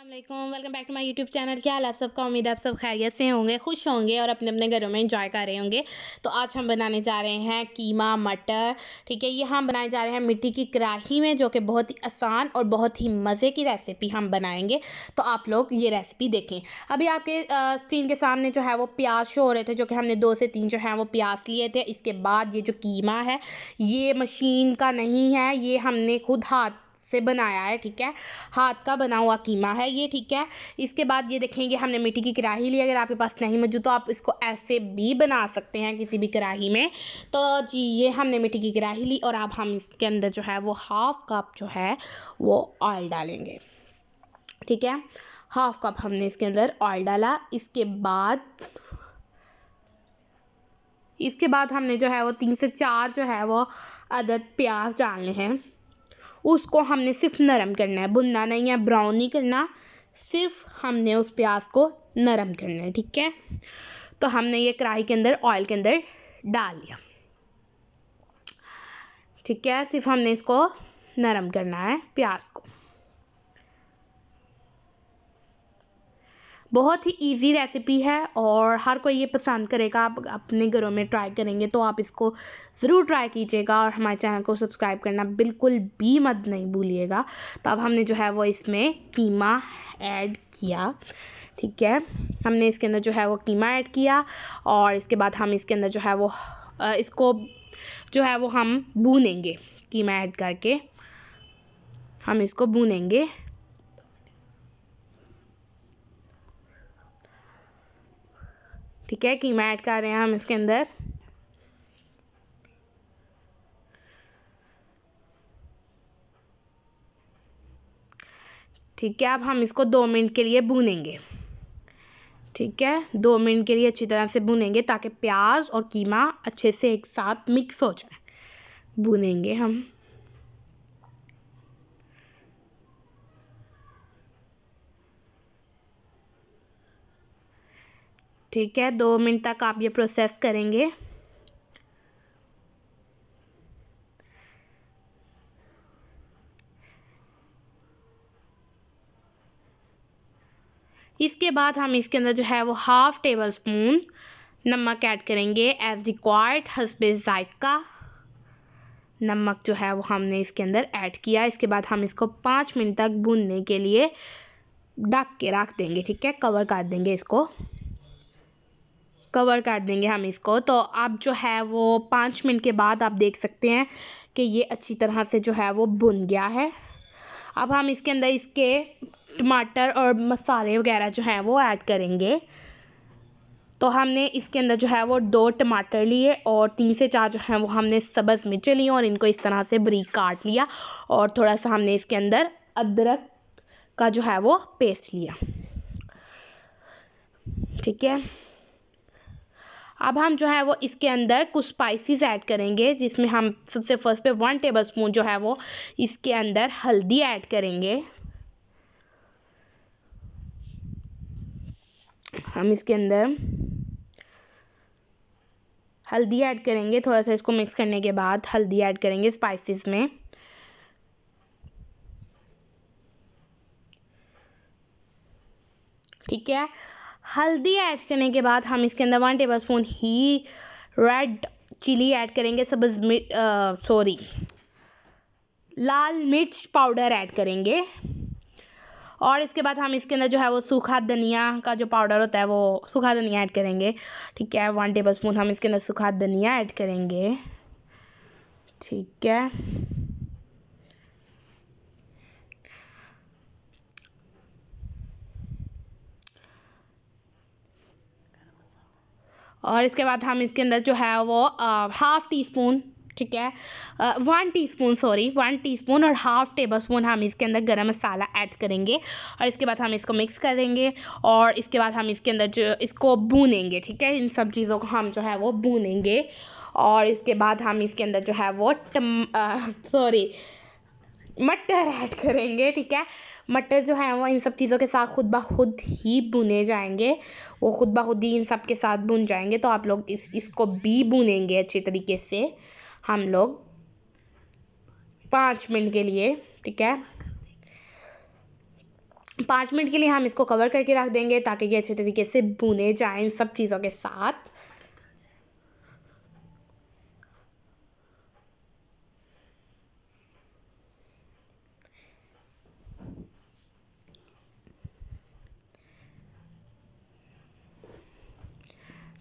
Allam welcome back to my YouTube channel क्या हाल आप सबका उम्मीद है आप सब खैरियत से होंगे खुश होंगे और अपने अपने घरों में इंजॉय कर रहे होंगे तो आज हम बनाने जा रहे हैं कीमा मटर ठीक है ये हम बनाए जा रहे हैं मिट्टी की कराही में जो कि बहुत ही आसान और बहुत ही मज़े की रेसिपी हम बनाएंगे तो आप लोग ये रेसिपी देखें अभी आपके स्क्रीन के सामने जो है वो प्याज शो हो रहे थे जो कि हमने दो से तीन जो है वो प्याज लिए थे इसके बाद ये जो कीमा है ये मशीन का नहीं है ये हमने खुद हाथ से बनाया है ठीक है हाथ का बना हुआ कीमा है ये ठीक है इसके बाद ये देखेंगे हमने मिट्टी की कराही ली अगर आपके पास नहीं मौजूद तो आप इसको ऐसे भी बना सकते हैं किसी भी कढ़ाई में तो जी ये हमने मिट्टी की कराही ली और अब हम इसके अंदर जो है वो हाफ कप जो है वो ऑयल डालेंगे ठीक है हाफ कप हमने इसके अंदर ऑयल डाला इसके बाद इसके बाद हमने जो है वो तीन से चार जो है वो अदद प्याज डालने हैं उसको हमने सिर्फ नरम करना है बुनना नहीं है ब्राउन नहीं करना सिर्फ हमने उस प्याज को नरम करना है ठीक है तो हमने ये कढ़ाई के अंदर ऑयल के अंदर डाल लिया ठीक है सिर्फ हमने इसको नरम करना है प्याज को बहुत ही इजी रेसिपी है और हर कोई ये पसंद करेगा आप अपने घरों में ट्राई करेंगे तो आप इसको ज़रूर ट्राई कीजिएगा और हमारे चैनल को सब्सक्राइब करना बिल्कुल भी मत नहीं भूलिएगा तो अब हमने जो है वो इसमें कीमा ऐड किया ठीक है हमने इसके अंदर जो है वो कीमा ऐड किया और इसके बाद हम इसके अंदर जो है वो इसको जो है वो हम भूनेंगे कीमा ऐड करके हम इसको भूनेंगे ठीक है कीमा ऐड कर रहे हैं हम इसके अंदर ठीक है अब हम इसको दो मिनट के लिए भूनेंगे ठीक है दो मिनट के लिए अच्छी तरह से भूनेंगे ताकि प्याज और कीमा अच्छे से एक साथ मिक्स हो जाए भूनेंगे हम ठीक है दो मिनट तक आप ये प्रोसेस करेंगे इसके बाद हम इसके अंदर जो है वो हाफ टेबल स्पून नमक ऐड करेंगे एज रिक्वायर्ड हसबे जायका नमक जो है वो हमने इसके अंदर ऐड किया इसके बाद हम इसको पाँच मिनट तक भूनने के लिए ढक के रख देंगे ठीक है कवर कर देंगे इसको कवर कर देंगे हम इसको तो आप जो है वो पाँच मिनट के बाद आप देख सकते हैं कि ये अच्छी तरह से जो है वो भुन गया है अब हम इसके अंदर इसके टमाटर और मसाले वगैरह जो हैं वो ऐड करेंगे तो हमने इसके अंदर जो है वो दो टमाटर लिए और तीन से चार जो हैं वो हमने सब्ज़ मिर्चें ली और इनको इस तरह से बरीक काट लिया और थोड़ा सा हमने इसके अंदर अदरक का जो है वो पेस्ट लिया ठीक है अब हम जो है वो इसके अंदर कुछ स्पाइसेस ऐड करेंगे जिसमें हम सबसे फर्स्ट पे वन टेबल स्पून जो है वो इसके अंदर हल्दी ऐड करेंगे हम इसके अंदर हल्दी ऐड करेंगे थोड़ा सा इसको मिक्स करने के बाद हल्दी ऐड करेंगे स्पाइसेस में ठीक है हल्दी ऐड करने के बाद हम इसके अंदर वन टेबल स्पून ही रेड चिली ऐड करेंगे सब्ज सॉरी लाल मिर्च पाउडर ऐड करेंगे और इसके बाद हम इसके अंदर जो है वो सूखा धनिया का जो पाउडर होता है वो सूखा धनिया ऐड करेंगे ठीक है वन टेबल स्पून हम इसके अंदर सूखा धनिया ऐड करेंगे ठीक है और इसके बाद हम इसके अंदर जो है वो हाफ़ टी स्पून ठीक है one teaspoon sorry one teaspoon और हाफ टेबल स्पून हम इसके अंदर गरम मसाला ऐड करेंगे और इसके बाद हम इसको मिक्स करेंगे और इसके बाद हम इसके अंदर जो इसको भूनेंगे ठीक है इन सब चीज़ों को हम जो है वो भूनेंगे और इसके बाद हम इसके अंदर जो है वो सॉरी मटर ऐड करेंगे ठीक है मटर जो है वो इन सब चीज़ों के साथ खुद ब खुद ही बुने जाएंगे वो खुद ब खुद ही इन सब के साथ बुन जाएंगे तो आप लोग इस इसको भी बुनेंगे अच्छे तरीके से हम लोग पाँच मिनट के लिए ठीक है पाँच मिनट के लिए हम इसको कवर करके रख देंगे ताकि ये अच्छे तरीके से बुने जाएं इन सब चीज़ों के साथ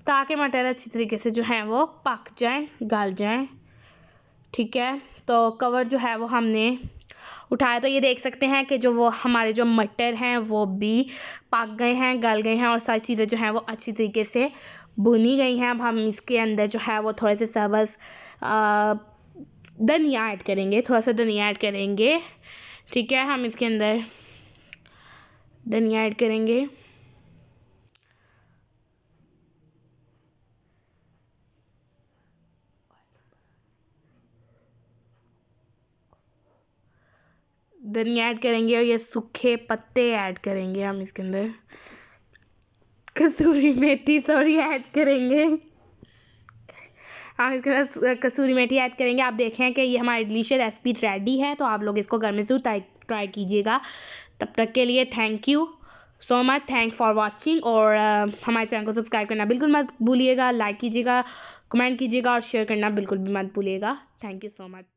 ताकि मटर अच्छी तरीके से जो है वो पक जाएँ गल जाएँ ठीक है तो कवर जो है वो हमने उठाया तो ये देख सकते हैं कि जो वो हमारे जो मटर हैं वो भी पक गए हैं गल गए हैं और सारी चीज़ें जो हैं वो अच्छी तरीके से भुनी गई हैं अब हम इसके अंदर जो है वो थोड़े से सबस धनिया ऐड करेंगे थोड़ा सा धनिया ऐड करेंगे ठीक है हम इसके अंदर धनिया ऐड करेंगे धनिया ऐड करेंगे और ये सूखे पत्ते ऐड करेंगे हम इसके अंदर कसूरी मेथी सॉरी ऐड करेंगे हम इसके साथ कसूरी मेथी ऐड करेंगे आप देखें कि ये हमारी डिलीशियस रेसिपी रेडी है तो आप लोग इसको घर में ज़रूर ट्राई कीजिएगा तब तक के लिए thank you so much thank for watching और uh, हमारे चैनल को सब्सक्राइब करना बिल्कुल मत भूलिएगा लाइक कीजिएगा कमेंट कीजिएगा और शेयर करना बिल्कुल भी मत भूलिएगा थैंक यू सो मच